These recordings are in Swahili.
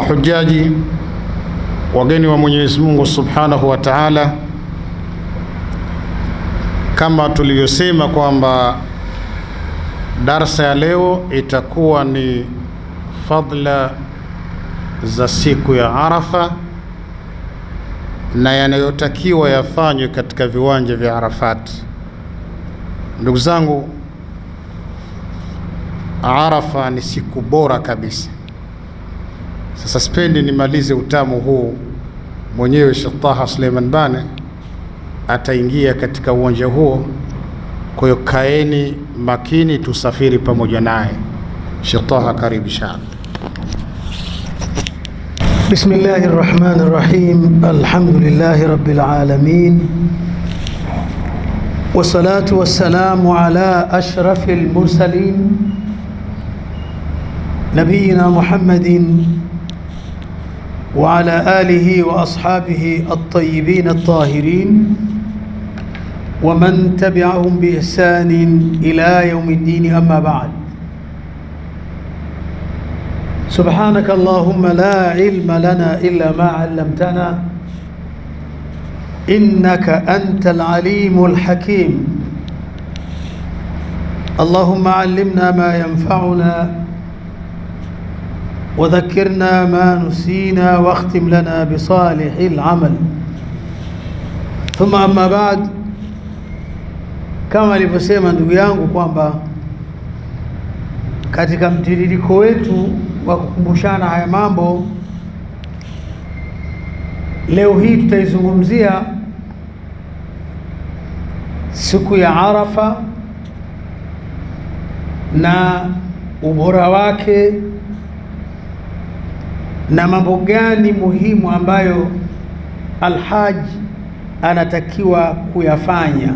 mahujaji, wageni wa Mwenyezi Mungu Subhanahu wa Ta'ala, kama tulivyosema kwamba darsa ya leo itakuwa ni fadla za siku ya Arafa na yanayotakiwa yafanywe katika viwanja vya Arafat. Ndugu zangu, Arafa ni siku bora kabisa sasa sipendi nimalize utamu huu mwenyewe. Sheikh Taha Suleiman Bane ataingia katika uwanja huo, kwa hiyo kaeni makini, tusafiri pamoja naye. Sheikh Taha, karibu sana. Bismillahi rahmani rahim, alhamdulillahi rabbil alamin wassalatu wassalamu ala ashrafil mursalin nabiyina Muhammadin وعلى آله وأصحابه الطيبين الطاهرين ومن تبعهم بإحسان إلى يوم الدين أما بعد سبحانك اللهم لا علم لنا إلا ما علمتنا إنك أنت العليم الحكيم اللهم علمنا ما ينفعنا wadhakirna ma nusina wakhtim لنا بصالح العمل thumma amma baad kama alivyosema ndugu yangu kwamba katika mtiririko wetu wa kukumbushana haya mambo leo hii tutaizungumzia siku ya Arafa na ubora wake na mambo gani muhimu ambayo alhaji anatakiwa kuyafanya.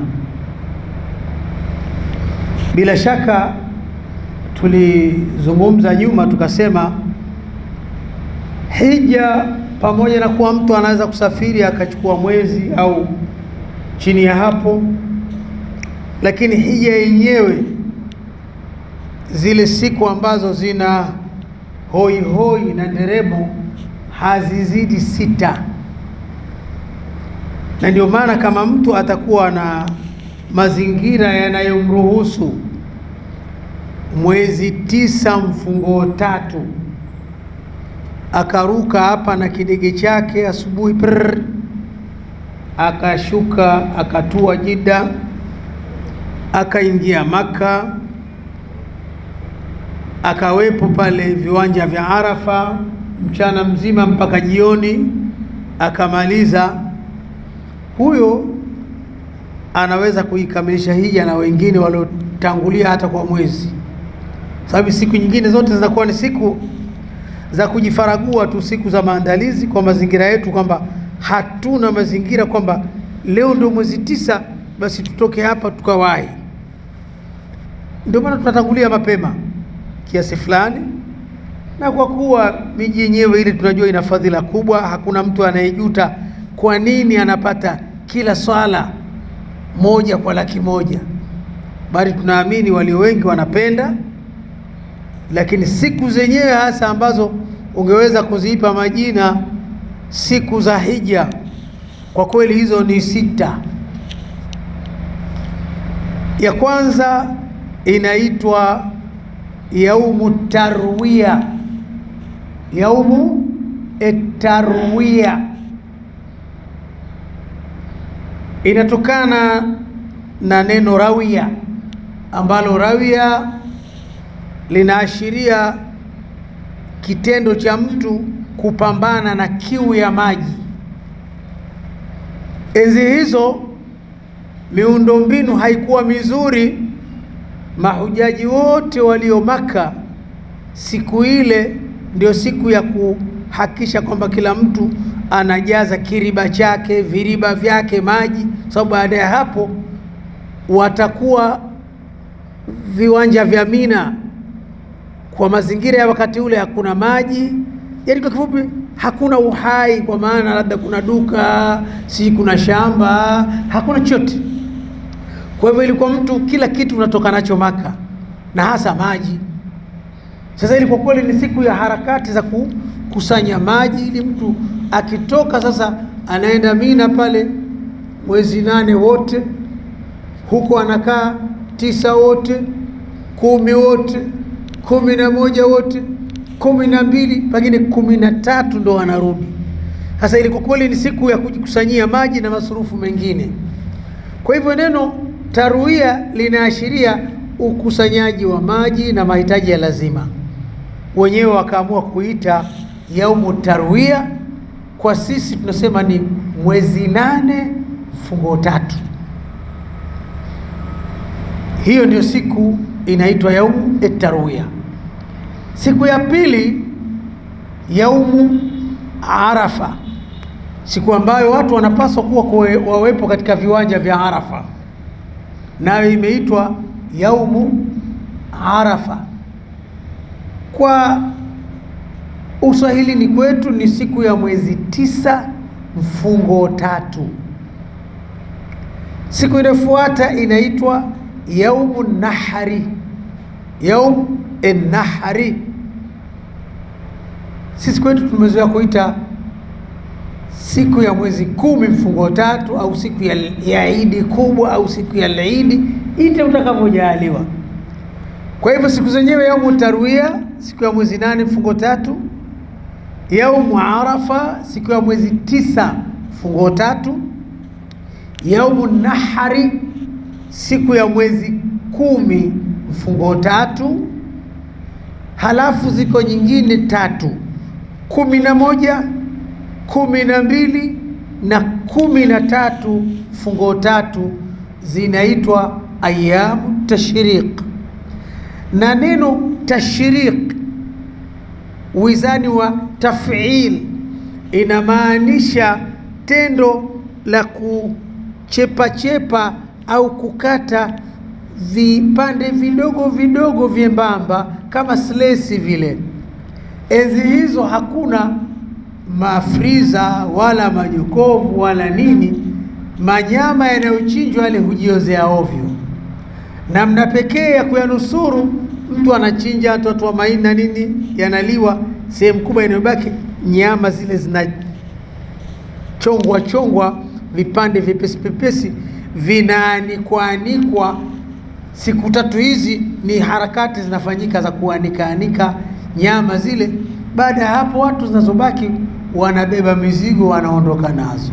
Bila shaka tulizungumza nyuma tukasema hija pamoja na kuwa mtu anaweza kusafiri akachukua mwezi au chini ya hapo, lakini hija yenyewe zile siku ambazo zina hoihoi hoi na nderemo hazizidi sita, na ndio maana kama mtu atakuwa na mazingira yanayomruhusu mwezi tisa mfungo tatu akaruka hapa na kidege chake asubuhi prr, akashuka akatua Jida akaingia Maka akawepo pale viwanja vya Arafa mchana mzima mpaka jioni akamaliza. Huyo anaweza kuikamilisha hija na wengine waliotangulia hata kwa mwezi, sababu siku nyingine zote zinakuwa ni siku za kujifaragua tu, siku za maandalizi kwa mazingira yetu, kwamba hatuna mazingira kwamba leo ndio mwezi tisa, basi tutoke hapa tukawahi. Ndio maana tunatangulia mapema kiasi fulani, na kwa kuwa miji yenyewe ile tunajua ina fadhila kubwa, hakuna mtu anayejuta kwa nini anapata kila swala moja kwa laki moja, bali tunaamini walio wengi wanapenda, lakini siku zenyewe hasa ambazo ungeweza kuziipa majina siku za hija, kwa kweli hizo ni sita. Ya kwanza inaitwa yaumu tarwiya, yaumu tarwiya inatokana na neno rawia ambalo rawia linaashiria kitendo cha mtu kupambana na kiu ya maji. Enzi hizo miundombinu haikuwa mizuri mahujaji wote walio Maka siku ile ndio siku ya kuhakikisha kwamba kila mtu anajaza kiriba chake viriba vyake maji, sababu baada ya hapo watakuwa viwanja vya Mina. Kwa mazingira ya wakati ule hakuna maji, yaani kwa kifupi hakuna uhai, kwa maana labda kuna duka, si kuna shamba, hakuna chochote. Kwa hivyo ilikuwa mtu kila kitu unatoka nacho Maka na hasa maji. Sasa ilikuwa kweli ni siku ya harakati za kukusanya maji, ili mtu akitoka sasa anaenda Mina pale mwezi nane wote, huko anakaa tisa wote, kumi wote, kumi na moja wote, kumi na mbili, pengine kumi na tatu ndo anarudi. Sasa ilikuwa kweli ni siku ya kujikusanyia maji na masurufu mengine. Kwa hivyo neno Taruia linaashiria ukusanyaji wa maji na mahitaji ya lazima. Wenyewe wakaamua kuita yaumu taruia, kwa sisi tunasema ni mwezi nane mfungo tatu. Hiyo ndio siku inaitwa yaumu taruia. Siku ya pili yaumu Arafa, siku ambayo watu wanapaswa kuwa wawepo katika viwanja vya Arafa nayo imeitwa yaumu Arafa. Kwa uswahilini kwetu ni siku ya mwezi tisa mfungo tatu. Siku inayofuata inaitwa yaumu nahari, yaumu nahari. Sisi kwetu tumezoea kuita siku ya mwezi kumi mfungo tatu au siku ya, ya Idi kubwa au siku ya laidi, ite utakavyojaaliwa. Kwa hivyo siku zenyewe yaumu tarwia siku ya mwezi nane mfungo tatu, yaumu arafa siku ya mwezi tisa mfungo tatu, yaumu nahari siku ya mwezi kumi mfungo tatu, halafu ziko nyingine tatu kumi na moja kumi na mbili na kumi na tatu fungo tatu zinaitwa ayamu tashriq, na neno tashriq wizani wa taf'il inamaanisha tendo la kuchepachepa au kukata vipande vidogo vidogo vyembamba kama slesi vile. Enzi hizo hakuna mafriza wala majokovu wala nini. Manyama yanayochinjwa yale hujiozea ovyo. Namna pekee ya kuyanusuru, mtu anachinja watoto wa maini na nini, yanaliwa. Sehemu kubwa inayobaki nyama zile zinachongwa chongwa vipande vipesi vipesi, vinaanikwaanikwa. Siku tatu hizi ni harakati zinafanyika za kuanikaanika nyama zile. Baada ya hapo, watu zinazobaki wanabeba mizigo wanaondoka nazo.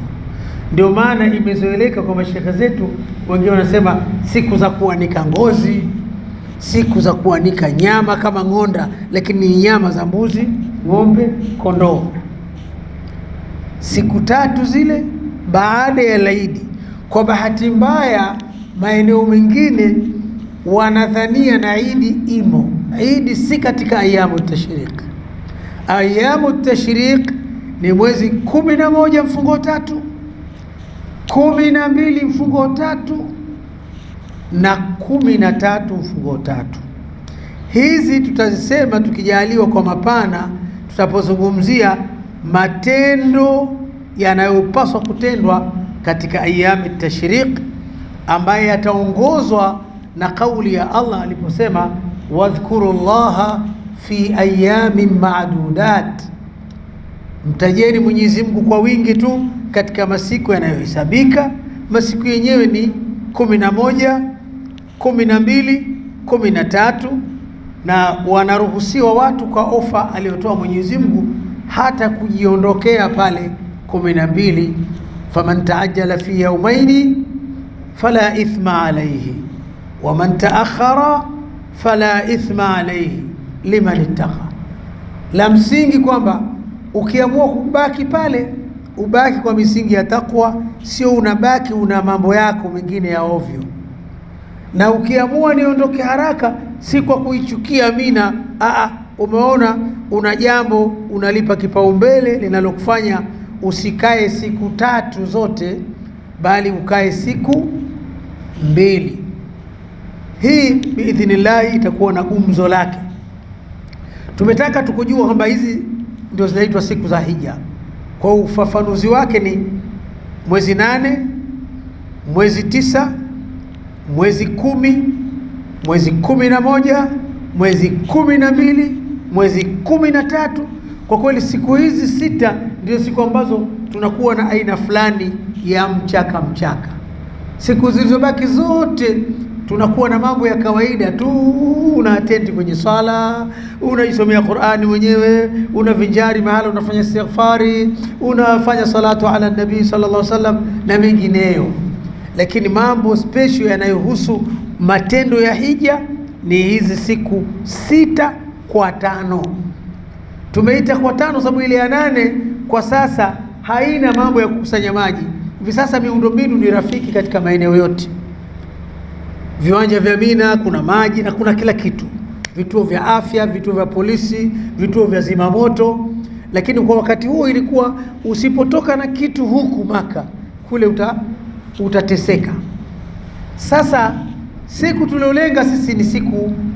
Ndio maana imezoeleka kwa mashehe zetu, wengine wanasema siku za kuanika ngozi, siku za kuanika nyama kama ng'onda, lakini ni nyama za mbuzi, ng'ombe, kondoo. Siku tatu zile baada ya laidi. Kwa bahati mbaya, maeneo mengine wanadhania na idi imo. Idi si katika ayamu tashriq. Ayamu tashriq ni mwezi kumi na moja mfungo tatu, kumi na mbili mfungo tatu na kumi na tatu mfungo tatu. Hizi tutazisema tukijaliwa kwa mapana, tutapozungumzia matendo yanayopaswa kutendwa katika ayami tashriq, ambaye yataongozwa na kauli ya Allah aliposema wadhkuru llaha fi ayamin ma'dudat Mtajeni Mwenyezi Mungu kwa wingi tu katika masiku yanayohesabika. Masiku yenyewe ni kumi na moja, kumi na mbili, kumi na tatu, na wanaruhusiwa watu kwa ofa aliyotoa Mwenyezi Mungu hata kujiondokea pale kumi na mbili. Faman taajala fi yaumaini fala ithma alaihi waman taakhara fala ithma alaihi liman ittaqa. La msingi kwamba Ukiamua kubaki pale, ubaki kwa misingi ya takwa, sio unabaki una mambo yako mengine ya ovyo. Na ukiamua niondoke haraka, si kwa kuichukia Mina. Aa, umeona una jambo unalipa kipaumbele linalokufanya usikae siku tatu zote, bali ukae siku mbili. Hii biidhnillahi itakuwa na gumzo lake. Tumetaka tukujua kwamba hizi ndio zinaitwa siku za hija. Kwa ufafanuzi wake ni mwezi nane, mwezi tisa, mwezi kumi, mwezi kumi na moja, mwezi kumi na mbili, mwezi kumi na tatu. Kwa kweli siku hizi sita ndio siku ambazo tunakuwa na aina fulani ya mchaka mchaka. Siku zilizobaki zote tunakuwa na mambo ya kawaida tu, una atendi kwenye sala, unaisomea Qur'ani mwenyewe, vinjari mahala, unafanya istighfari, unafanya salatu ala nabii sallallahu alaihi wasallam na mengineyo. Lakini mambo special yanayohusu matendo ya hija ni hizi siku sita kwa tano. Tumeita kwa tano sababu ile ya nane kwa sasa haina mambo ya kukusanya maji. Hivi sasa miundombinu ni rafiki katika maeneo yote viwanja vya Mina kuna maji na kuna kila kitu, vituo vya afya, vituo vya polisi, vituo vya zimamoto. Lakini kwa wakati huo ilikuwa usipotoka na kitu huku Maka kule uta, utateseka. Sasa siku tuliolenga sisi ni siku